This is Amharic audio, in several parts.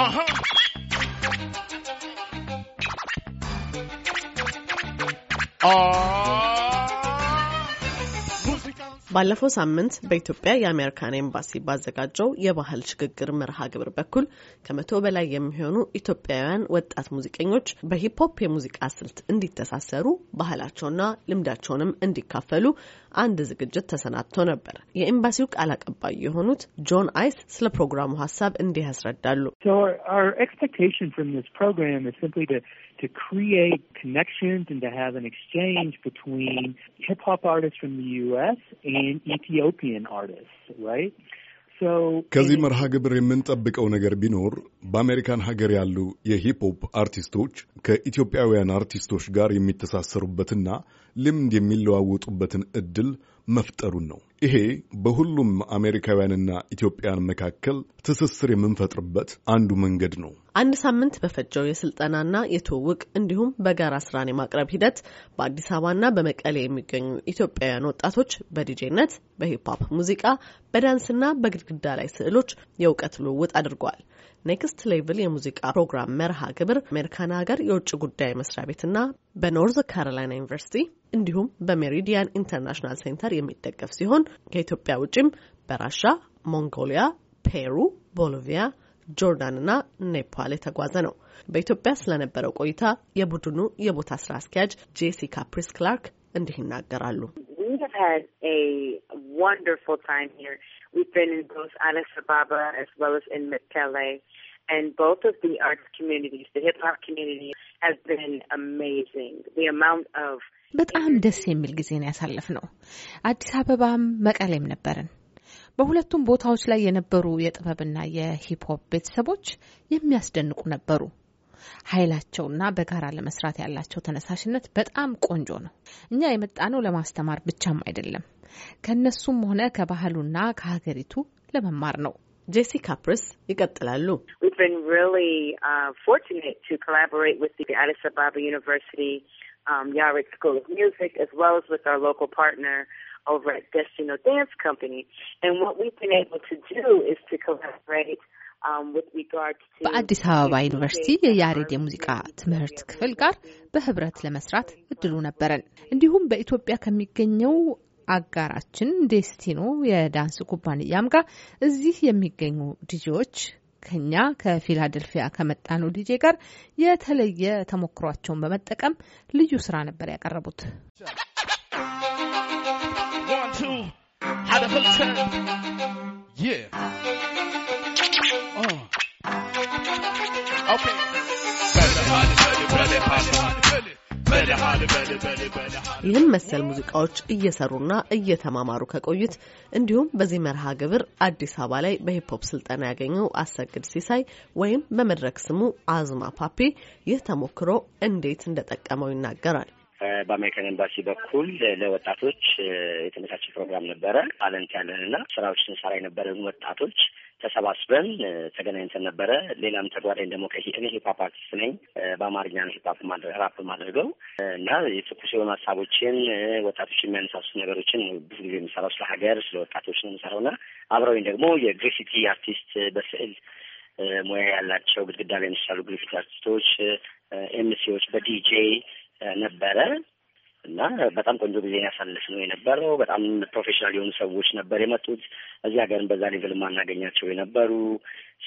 Uh huh. Uh uh-huh. uh-huh. ባለፈው ሳምንት በኢትዮጵያ የአሜሪካን ኤምባሲ ባዘጋጀው የባህል ሽግግር መርሃ ግብር በኩል ከመቶ በላይ የሚሆኑ ኢትዮጵያውያን ወጣት ሙዚቀኞች በሂፕሆፕ የሙዚቃ ስልት እንዲተሳሰሩ ባህላቸውና ልምዳቸውንም እንዲካፈሉ አንድ ዝግጅት ተሰናድቶ ነበር። የኤምባሲው ቃል አቀባይ የሆኑት ጆን አይስ ስለ ፕሮግራሙ ሀሳብ እንዲህ ያስረዳሉ። to create connections and to have an exchange between hip hop artists from the U.S. and ኢትዮጵያን አርቲስት ራይት ከዚህ መርሃ ግብር የምንጠብቀው ነገር ቢኖር በአሜሪካን ሀገር ያሉ የሂፕሆፕ አርቲስቶች ከኢትዮጵያውያን አርቲስቶች ጋር የሚተሳሰሩበትና ልምድ የሚለዋወጡበትን እድል መፍጠሩን ነው። ይሄ በሁሉም አሜሪካውያንና ኢትዮጵያን መካከል ትስስር የምንፈጥርበት አንዱ መንገድ ነው። አንድ ሳምንት በፈጀው የስልጠናና የትውውቅ እንዲሁም በጋራ ስራን የማቅረብ ሂደት በአዲስ አበባና በመቀሌ የሚገኙ ኢትዮጵያውያን ወጣቶች በዲጄነት፣ በሂፕሆፕ ሙዚቃ፣ በዳንስና በግድግዳ ላይ ስዕሎች የእውቀት ልውውጥ አድርጓል። ኔክስት ሌቭል የሙዚቃ ፕሮግራም መርሃ ግብር አሜሪካን ሀገር የውጭ ጉዳይ መስሪያ ቤትና በኖርዝ ካሮላይና ዩኒቨርሲቲ እንዲሁም በሜሪዲያን ኢንተርናሽናል ሴንተር የሚደገፍ ሲሆን ከኢትዮጵያ ውጭም በራሻ፣ ሞንጎሊያ፣ ፔሩ፣ ቦሊቪያ፣ ጆርዳን እና ኔፓል የተጓዘ ነው። በኢትዮጵያ ስለነበረው ቆይታ የቡድኑ የቦታ ስራ አስኪያጅ ጄሲካ ፕሪስ ክላርክ እንዲህ ይናገራሉ። በጣም ደስ የሚል ጊዜ ነው ያሳለፍ ነው። አዲስ አበባም መቀሌም ነበርን። በሁለቱም ቦታዎች ላይ የነበሩ የጥበብና የሂፕሆፕ ቤተሰቦች የሚያስደንቁ ነበሩ። ኃይላቸውና በጋራ ለመስራት ያላቸው ተነሳሽነት በጣም ቆንጆ ነው። እኛ የመጣነው ለማስተማር ብቻም አይደለም፣ ከእነሱም ሆነ ከባህሉና ከሀገሪቱ ለመማር ነው። ጄሲካ ፕርስ ይቀጥላሉ። አዲስ አበባ ዩኒቨርሲቲ Yared School of Music, as well as with our local partner over at Destino Dance Company. And what we've been able to do is to collaborate በአዲስ አበባ ዩኒቨርሲቲ የያሬድ የሙዚቃ ትምህርት ክፍል ጋር በህብረት ለመስራት እድሉ ነበረን። እንዲሁም በኢትዮጵያ ከሚገኘው አጋራችን ዴስቲኖ የዳንስ ኩባንያም ጋር እዚህ የሚገኙ ዲጄዎች ከኛ ከፊላደልፊያ ከመጣነው ዲጄ ጋር የተለየ ተሞክሯቸውን በመጠቀም ልዩ ስራ ነበር ያቀረቡት። uh. Okay. ይህን መሰል ሙዚቃዎች እየሰሩና እየተማማሩ ከቆዩት እንዲሁም በዚህ መርሃ ግብር አዲስ አበባ ላይ በሂፕሆፕ ስልጠና ያገኘው አሰግድ ሲሳይ ወይም በመድረክ ስሙ አዝማ ፓፔ ይህ ተሞክሮ እንዴት እንደጠቀመው ይናገራል። በአሜሪካን ኤምባሲ በኩል ለወጣቶች የተመቻቸ ፕሮግራም ነበረ። ታለንት ያለንና ስራዎች ስንሰራ የነበረ ወጣቶች ተሰባስበን ተገናኝተን ነበረ። ሌላም ተጓዳኝ ደግሞ እኔ ሂፓፕ አርቲስት ነኝ። በአማርኛ ነው ሂፓፕ ራፕ ማድረገው እና የትኩስ የሆኑ ሀሳቦችን ወጣቶች የሚያነሳሱ ነገሮችን ብዙ ጊዜ የሚሰራው ስለ ሀገር፣ ስለ ወጣቶች ነው የምሰራው እና አብረውኝ ደግሞ የግሪፊቲ አርቲስት በስዕል ሙያ ያላቸው ግድግዳ ላይ የሚሳሉ ግሪፊቲ አርቲስቶች፣ ኤምሲዎች በዲጄ ነበረ እና በጣም ቆንጆ ጊዜ ያሳለፍ ነው የነበረው። በጣም ፕሮፌሽናል የሆኑ ሰዎች ነበር የመጡት። እዚህ ሀገርን በዛ ሌቭል ማናገኛቸው የነበሩ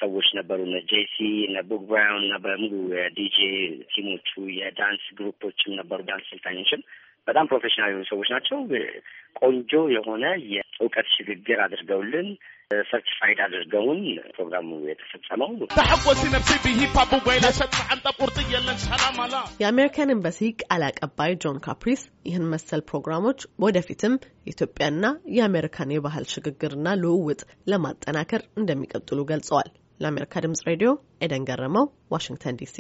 ሰዎች ነበሩ። እነ ጄሲ እነ ቡክ ብራውን እና በሙሉ የዲጄ ቲሞቹ የዳንስ ግሩፖችም ነበሩ፣ ዳንስ ስልጣኞችም በጣም ፕሮፌሽናል የሆኑ ሰዎች ናቸው። ቆንጆ የሆነ የእውቀት ሽግግር አድርገውልን ሰርቲፋይድ አድርገውን ፕሮግራሙ የተፈጸመው። የአሜሪካን ኤምባሲ ቃል አቀባይ ጆን ካፕሪስ ይህን መሰል ፕሮግራሞች ወደፊትም የኢትዮጵያና የአሜሪካን የባህል ሽግግርና ልውውጥ ለማጠናከር እንደሚቀጥሉ ገልጸዋል። ለአሜሪካ ድምጽ ሬዲዮ ኤደን ገረመው፣ ዋሽንግተን ዲሲ